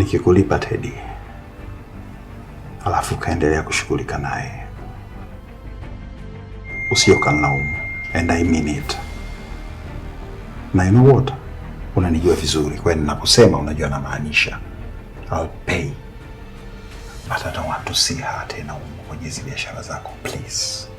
nikikulipa Tedi, alafu ukaendelea kushughulika naye, usiokalaumu. And I mean it. Na you know what, unanijua vizuri, kwa hiyo ninaposema unajua namaanisha. I'll pay but I don't want to see her tena kwenye hizi biashara zako please.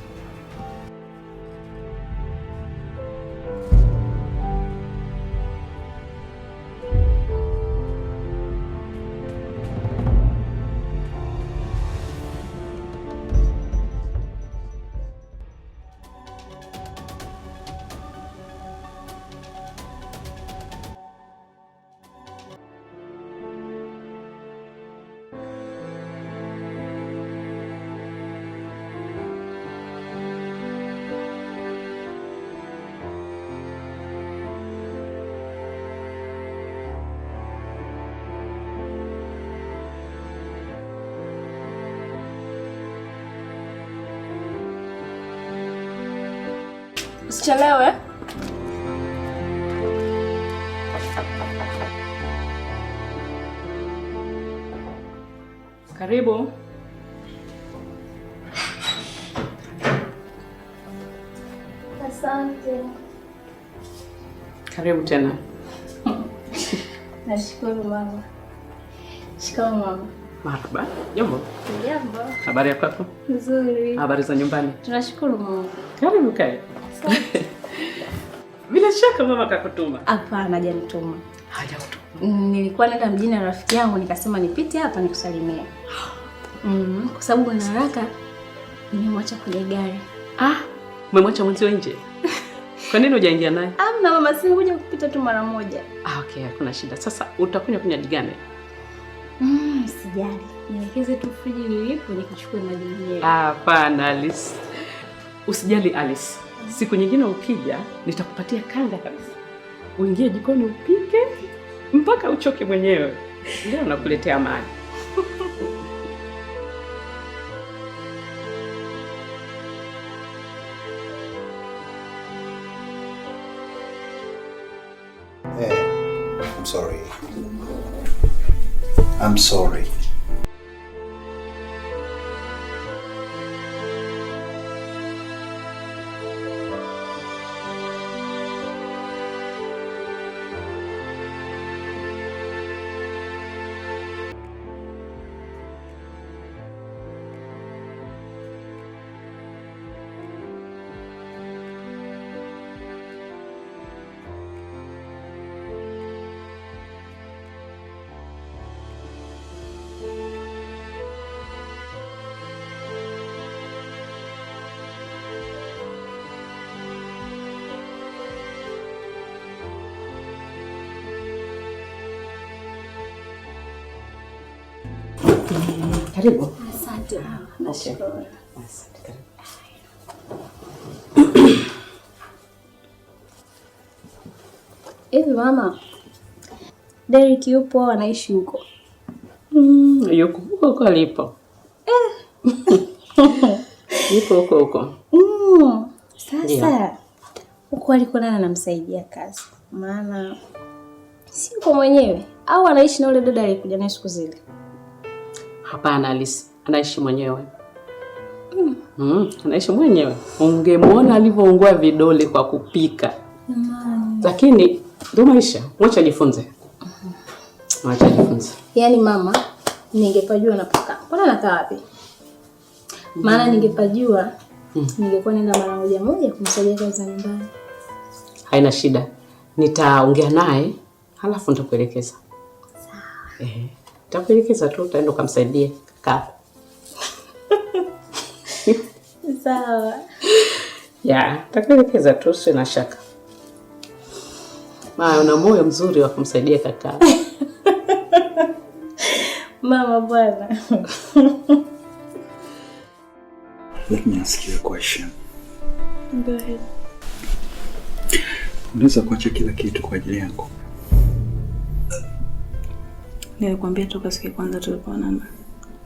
Usichelewe. Karibu. Asante. Karibu tena. Nashukuru mama. Shikamoo mama. Marhaba. Jambo. Jambo. Habari yako? Nzuri. Habari za nyumbani? Tunashukuru Mungu. Karibu kae. Bila shaka mama kakutuma? Hapana, hajanituma. Hajakutuma? Nilikuwa naenda mjini na rafiki yangu, nikasema nipite hapa nikusalimie mm, kwa sababu na haraka nimemwacha kwenye gari. Ah, umemwacha mwenzio nje? Kwa nini hujaingia naye? Hamna mama, simekuja kupita tu mara moja. Ah, okay, hakuna shida. Sasa utakunywa kunywa gani? Mm, sijali. Niwekeze tu friji lilipo nikuchukue maji yenyewe. Ah, Hapana, Alice. Usijali Alice. Siku nyingine ukija, nitakupatia kanga kabisa, uingie jikoni upike mpaka uchoke mwenyewe. ndio nakuletea maji. Eh, I'm sorry. I'm sorry. Karibu. Asante. Hivi mama, Derek yupo anaishi huko? Mm, yuko huko huko alipo. Eh. Yuko huko huko. Mm. Sasa huko alikuwa nani anamsaidia kazi? Maana si uko mwenyewe au anaishi na ule dada alikuja naye siku zile? Hapana Alice, anaishi mwenyewe. Mm, anaishi mwenyewe. Ungemwona alivyoungua vidole kwa kupika. Mami. Lakini ndo maisha, mwacha jifunze. Mwacha jifunze. Yaani mama, ningepajua napaka. Mbona nakaa wapi? Maana hmm. ningepajua mm, ningekuwa nenda mara moja moja kumsaidia kazi nyumbani. Haina shida. Nitaongea naye halafu nitakuelekeza. Sawa. Eh. Takuelekeza tu utaenda ukamsaidia kaka. Sawa. Ya, takuelekeza tu na shaka. Mama, una moyo mzuri wa kumsaidia kaka. Mama bwana. Let me ask you a question. Go ahead. Unaweza kuacha kila kitu kwa ajili yangu? Nilikwambia toka siku ya kwanza tulipoonana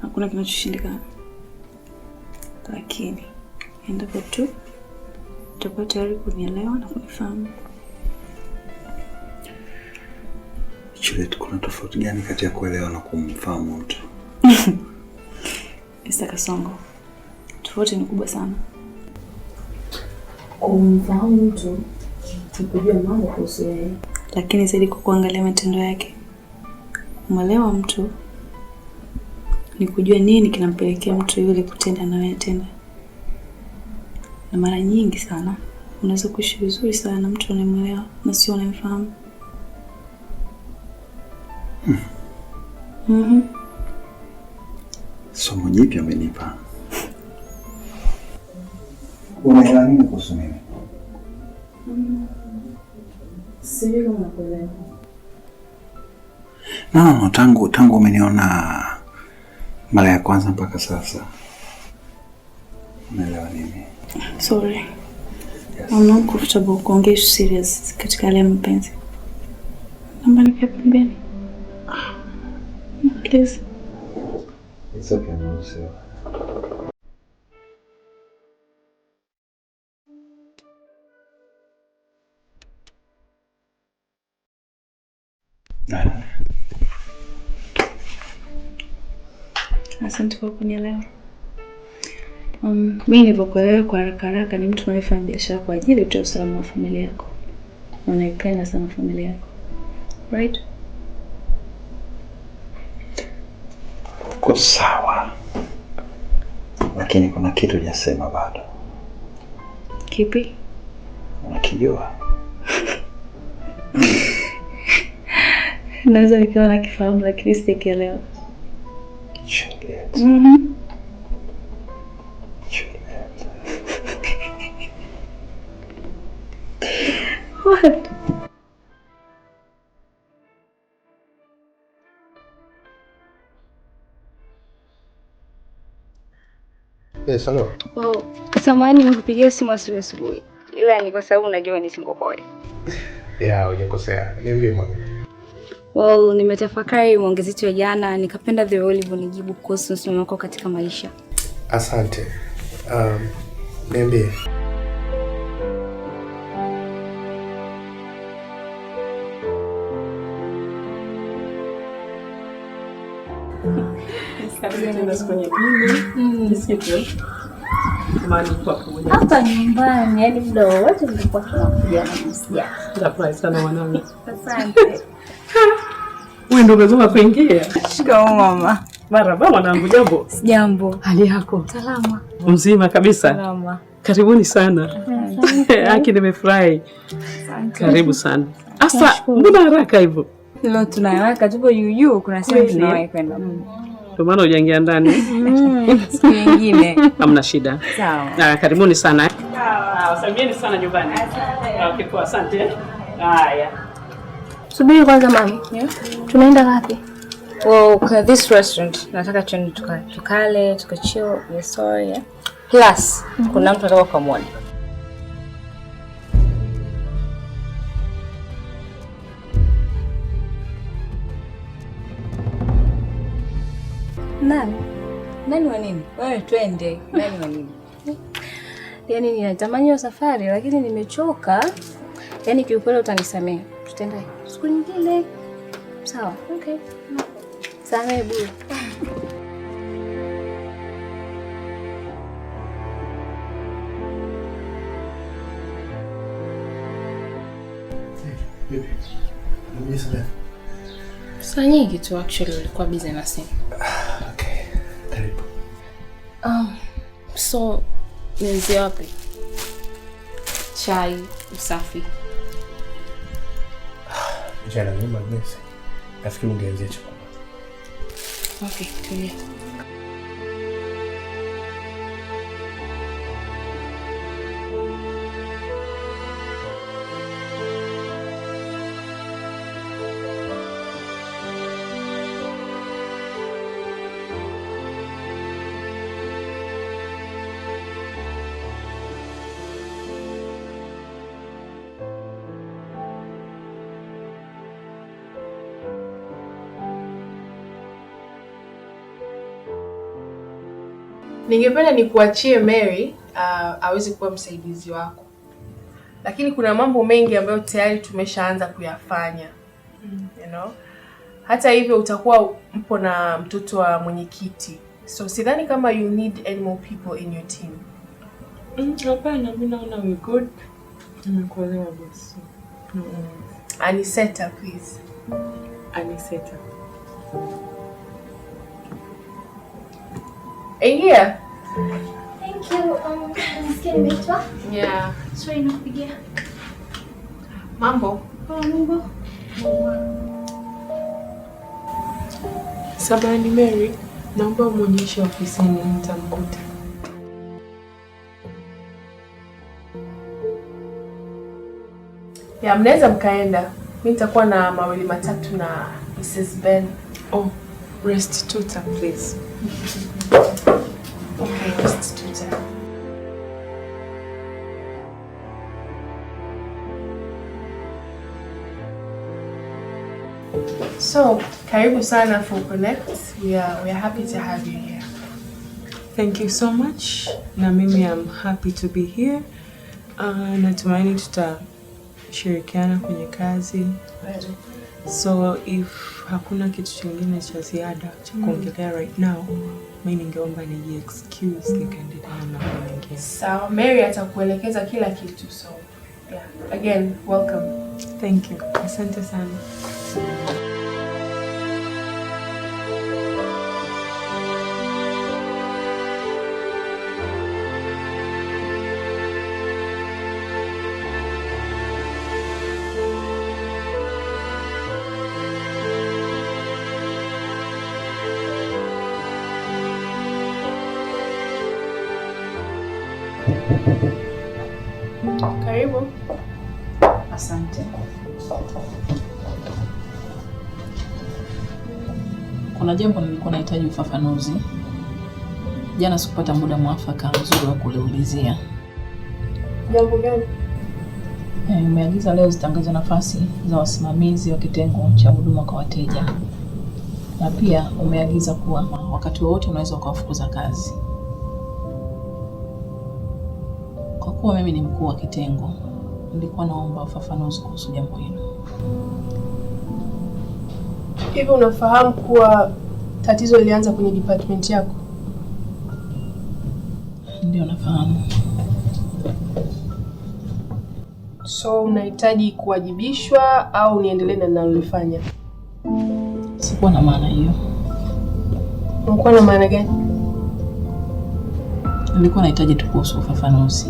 hakuna kinachoshindikana, lakini endapo tu utakuwa tayari kunielewa na kunifahamu. Juliet, kuna tofauti gani kati ya kuelewa na kumfahamu mtu? Mr. Kasongo, tofauti ni kubwa sana. Kumfahamu mtu ni kujua mambo kuhusu yeye, lakini zaidi kwa kuangalia matendo yake Kumwelewa mtu ni kujua nini kinampelekea mtu yule kutenda na anayoyatenda, na mara nyingi sana unaweza kuishi vizuri sana na mtu unayemwelewa na sio unayemfahamu. Mm. Mm -hmm. Mhm. Somo jipya umenipa. Unaelewa nini kuhusu mimi? Sijui kama nakuelewa. No, no, no, tangu tangu umeniona mara ya kwanza mpaka sasa unaelewa nini? Sorry. Yes. I'm not comfortable kuongea issue serious katika hali ya mapenzi. Naomba nipe pembeni. Please. It's okay, no, sir. Asante kwa kunielewa. Um, mi nilivyokuelewa kwa haraka haraka ni mtu anayefanya biashara kwa ajili tu ya usalama wa familia yako. Unaipenda sana familia yako. Right? Uko sawa, lakini kuna kitu hujasema bado. Kipi? Unakijua? Naweza nikiwa nakifahamu, lakini sikielewa. Julieta. Uhum. Julieta. What? Yes, hello. Wow. Samahani nimekupigia simu asubuhi asubuhi. Ila niko sababu unajua nisingohoe. Yeah, hujakosea. Ni mimi mwanangu. Well, nimetafakari uongezi wa jana nikapenda the ulivyonijibu kuhusu msimamo wako katika maisha. Asante. Um, niambie. Mm. Hapa nyumbani, yani muda wowote nitakuwa tunakuja na msichana. Asante. Wewe ndo umezoma kuingia. Shikamoo mama. Marhaba mwanangu, jambo. Jambo. Hali yako? Salama. Mzima kabisa. Salama. Karibuni sana. Aki, nimefurahi. Karibu sana. Asa, mbona haraka hivyo? Leo tuna haraka, tupo yuyu, kuna sehemu tunawahi kwenda. Mm. Ndio maana hujaingia ndani. Mm, siku nyingine. Hamna shida. Sawa. Na ah, karibuni sana. Sawa. Ah, asante sana nyumbani. Asante. Ah, asante. Haya. Subiri kwanza mami. Yeah. Tunaenda wapi? Well, okay, this restaurant. Nataka tuende tukale, tukale, tukachio, yes sorry. yeah. Plus, mm -hmm. Kuna mtu anataka kumwona. Nani? Nani wa nini? Wewe twende. Nani wa nini? Yaani ninatamani hiyo safari lakini nimechoka. Yaani kiukweli utanisamea tutaenda siku nyingine. Sawa, okay. Samehe bure. Saa nyingi tu actually ulikuwa busy na simu. Okay. Um, so nianzie wapi? Chai, usafi Jeremy, mag nézni. Ezt külön gérzi, csak Oké, okay, ningependa nikuachie Mary uh, aweze kuwa msaidizi wako, lakini kuna mambo mengi ambayo tayari tumeshaanza kuyafanya mm. you know? Hata hivyo utakuwa mpo na mtoto wa mwenyekiti, so sidhani kama you need any more people in your team. Mm, hapana, mimi naona we good. Nimekuelewa boss. Aniseta please. Aniseta. yeah. Thank you. Um, nasikia nimeitwa. Yeah. Sorry nakupigia. Mambo. Oh, mambo. Mary, naomba umuonyeshe ofisini nitamkuta. Ya, mnaweza mkaenda. Mimi nitakuwa na mawili matatu na Mrs. Ben. Oh, restituta please. Okay, let's do that. So, karibu sana for Connect. We are, we are happy to have you here. Thank you so much. Na mimi I'm happy to be here. Uh, natumaini tutashirikiana kwenye kazi. So if hakuna kitu kingine cha ziada cha kuongelea right now, mimi ningeomba niji excuse nikaendelea na mambo mengine. Sawa, Mary atakuelekeza kila kitu so yeah. Again, welcome. Thank you. Asante sana. jambo nilikuwa nahitaji ufafanuzi. Jana sikupata muda mwafaka mzuri wa kuliulizia. Jambo gani? E, umeagiza leo zitangazwe nafasi za wasimamizi wa kitengo cha huduma kwa wateja, na pia umeagiza kuwa wakati wowote unaweza ukawafukuza kazi. Kwa kuwa mimi ni mkuu wa kitengo, nilikuwa naomba ufafanuzi kuhusu jambo hilo. Hivi unafahamu kuwa tatizo lilianza kwenye department yako? Ndio, nafahamu. So unahitaji kuwajibishwa au niendelee na ninalofanya? Sikuwa na maana hiyo. Ulikuwa na maana gani? Nilikuwa nahitaji tu kuhusu ufafanuzi.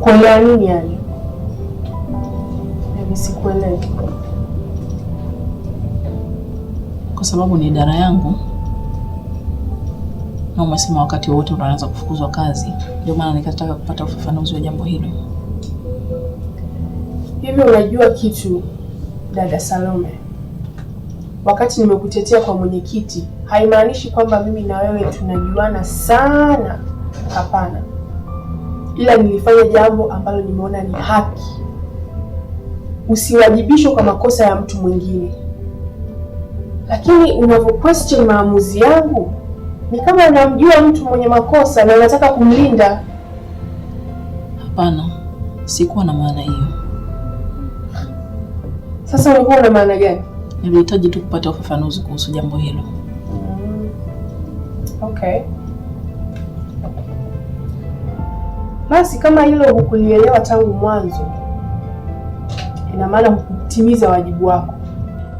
Kwa nini yani? Mimi yaani sikuelewi kwa sababu ni idara yangu, na umesema wakati wote unaanza kufukuzwa kazi, ndio maana nikataka kupata ufafanuzi wa jambo hilo. Hivi unajua kitu dada Salome, wakati nimekutetea kwa mwenyekiti, haimaanishi kwamba mimi na wewe tunajuana sana, hapana, ila nilifanya jambo ambalo nimeona ni haki. Usiwajibishwe kwa makosa ya mtu mwingine lakini unavyo question maamuzi yangu ni kama namjua mtu mwenye makosa na unataka kumlinda. Hapana, sikuwa na maana hiyo. Sasa ulikuwa na maana gani? Nilihitaji tu kupata ufafanuzi kuhusu jambo hilo. Mm. Okay. Basi kama hilo hukulielewa tangu mwanzo, ina maana hukutimiza wajibu wako.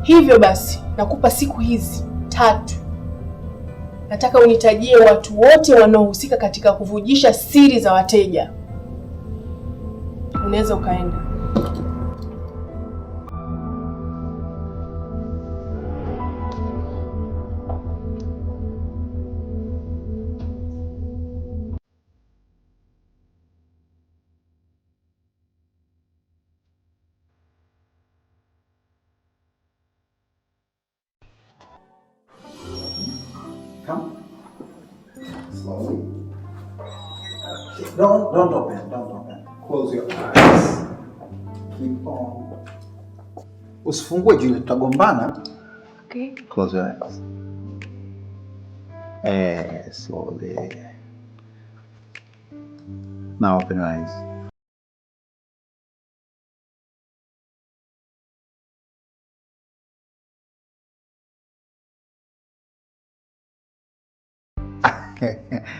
Hivyo basi nakupa siku hizi tatu, nataka unitajie watu wote wanaohusika katika kuvujisha siri za wateja. Unaweza ukaenda. Don't, don't open, don't open. Close your eyes. Keep on. Usifungue juu tutagombana. Okay. Close your eyes. Eh, slowly. Now open your eyes.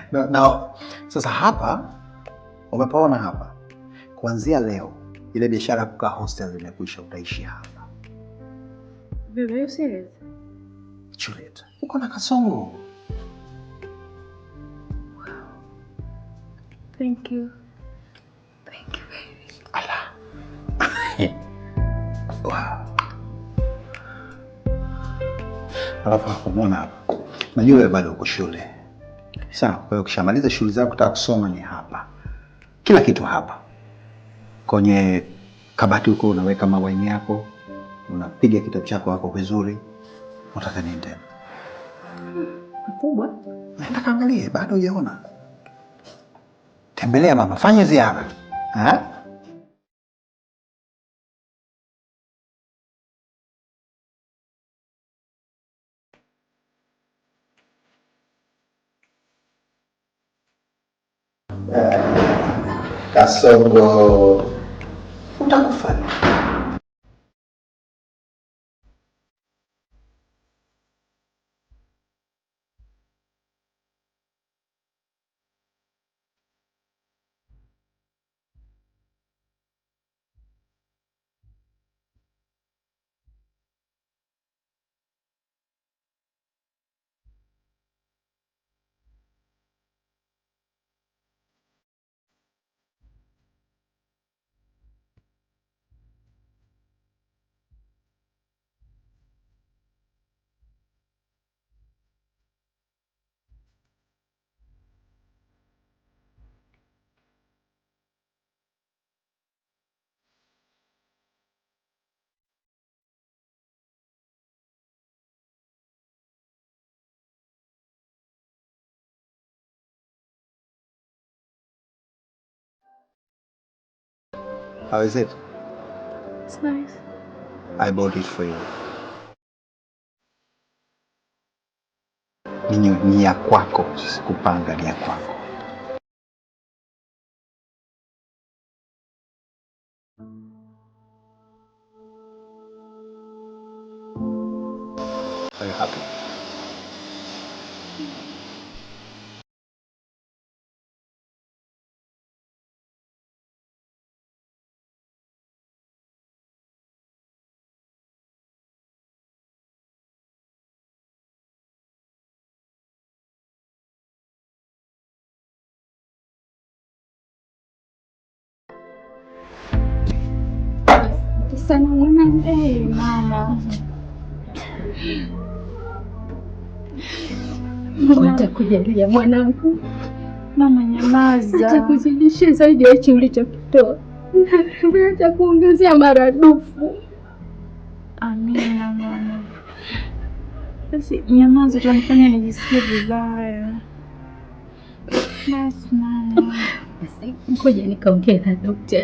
Now, sasa hapa Umepaona hapa, kuanzia leo ile biashara ya kukaa hostel imekwisha, utaishi hapa. uko na kasongo. Wow. Thank you. Thank you, baby. Ala. Wow. Alafu hakumwona hapa. Najua wewe bado uko shule. Sawa, kwa hiyo ukishamaliza shughuli zako utaka kusoma ni hapa kila kitu hapa kwenye kabati huko, unaweka mawaini yako, unapiga kitabu chako wako vizuri. Unataka nini tena mkubwa? Naenda kaangalie, bado hujaona. Tembelea mama, fanye ziara. ação o Não tá com fome. How is it? It's nice. I bought it for you. Ninyo, ni ya kwako, sikupanga, ni ya kwako. Are you happy? sana mwanangu. Hey, mama atakujalia mwanangu. Mama nyamaza, atakuzidishia zaidi ya hichi ulichokitoa, atakuongezea maradufu. Amina mama. Basi nyamaza, utanifanya nijisikie vibaya. Basi mama, ngoja nikaongea na dokta,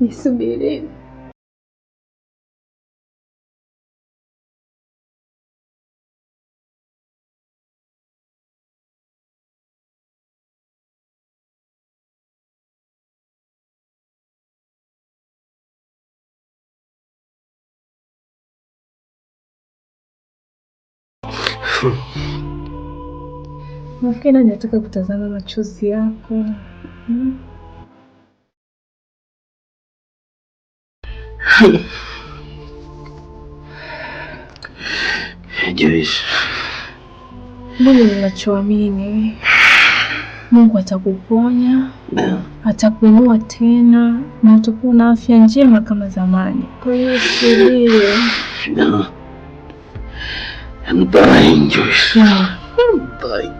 nisubiri. Nafikiri nani kutazama machozi yako hmm? Joyce, mimi ninachoamini Mungu atakuponya Atakuinua tena na utakuwa na afya njema kama zamani. Kwa hiyo subiri no. I'm dying, Joyce. Yeah. I'm dying.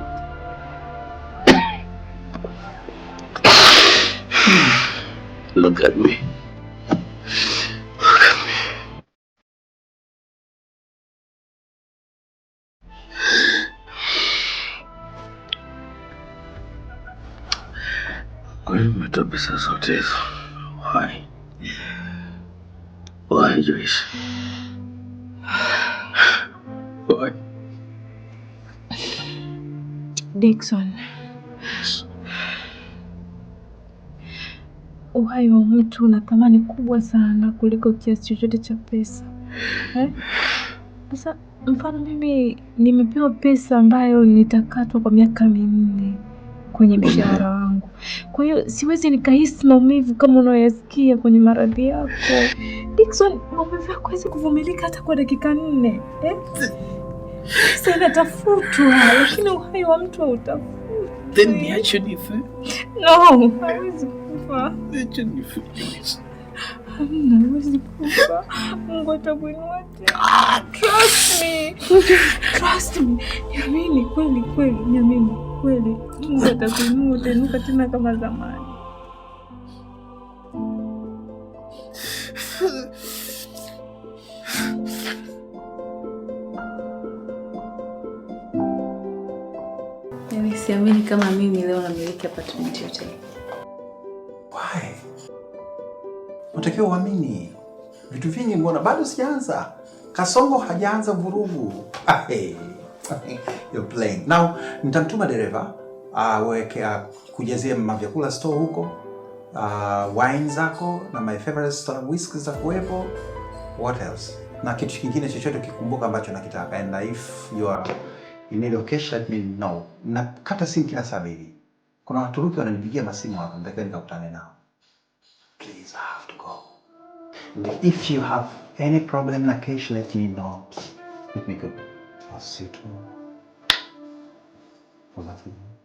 Look at me. Look at me. Why? Why, Joyce? Boy. Dickson. Uhai wa mtu una thamani kubwa sana kuliko kiasi chochote cha pesa. Eh? Sasa eh? Mfano mimi nimepewa pesa ambayo nitakatwa kwa miaka minne kwenye mshahara wangu, kwa hiyo siwezi nikahisi maumivu kama unayoyasikia kwenye maradhi yako Dickson. Maumivu yako hawezi kuvumilika hata kwa dakika nne eh? Sasa natafutwa, lakini uhai wa mtu hautafutwi. Then niache nife? No, hawezi kufa. Niache nife. Hamna, hawezi kufa. Mungu atakuinua tena. Ah, trust me. Trust me. Niamini kweli kweli, niamini kweli. Mungu atakuinua utainuka tena kama zamani. Siamini kama mimi leo namiliki apartment yote. Why? Unatakiwa uamini vitu vingi. Mbona bado sijaanza? Kasongo hajaanza vurugu. Ah, hey. You're playing. Now, nitamtuma dereva aweke uh, kujazie mavyakula store huko uh, wine zako na my favorite store whisky za kuwepo. What else? Na kitu kingine chochote kikumbuka ambacho nakitaka. And if you are Imelokesha mimi Na kata simu kila saa mbili. Kuna Waturuki wananipigia masimu hapa, nataka nikakutane nao. Please, I have to go. And if you have any problem na cash, let me know. Let me go. I'll see you tomorrow.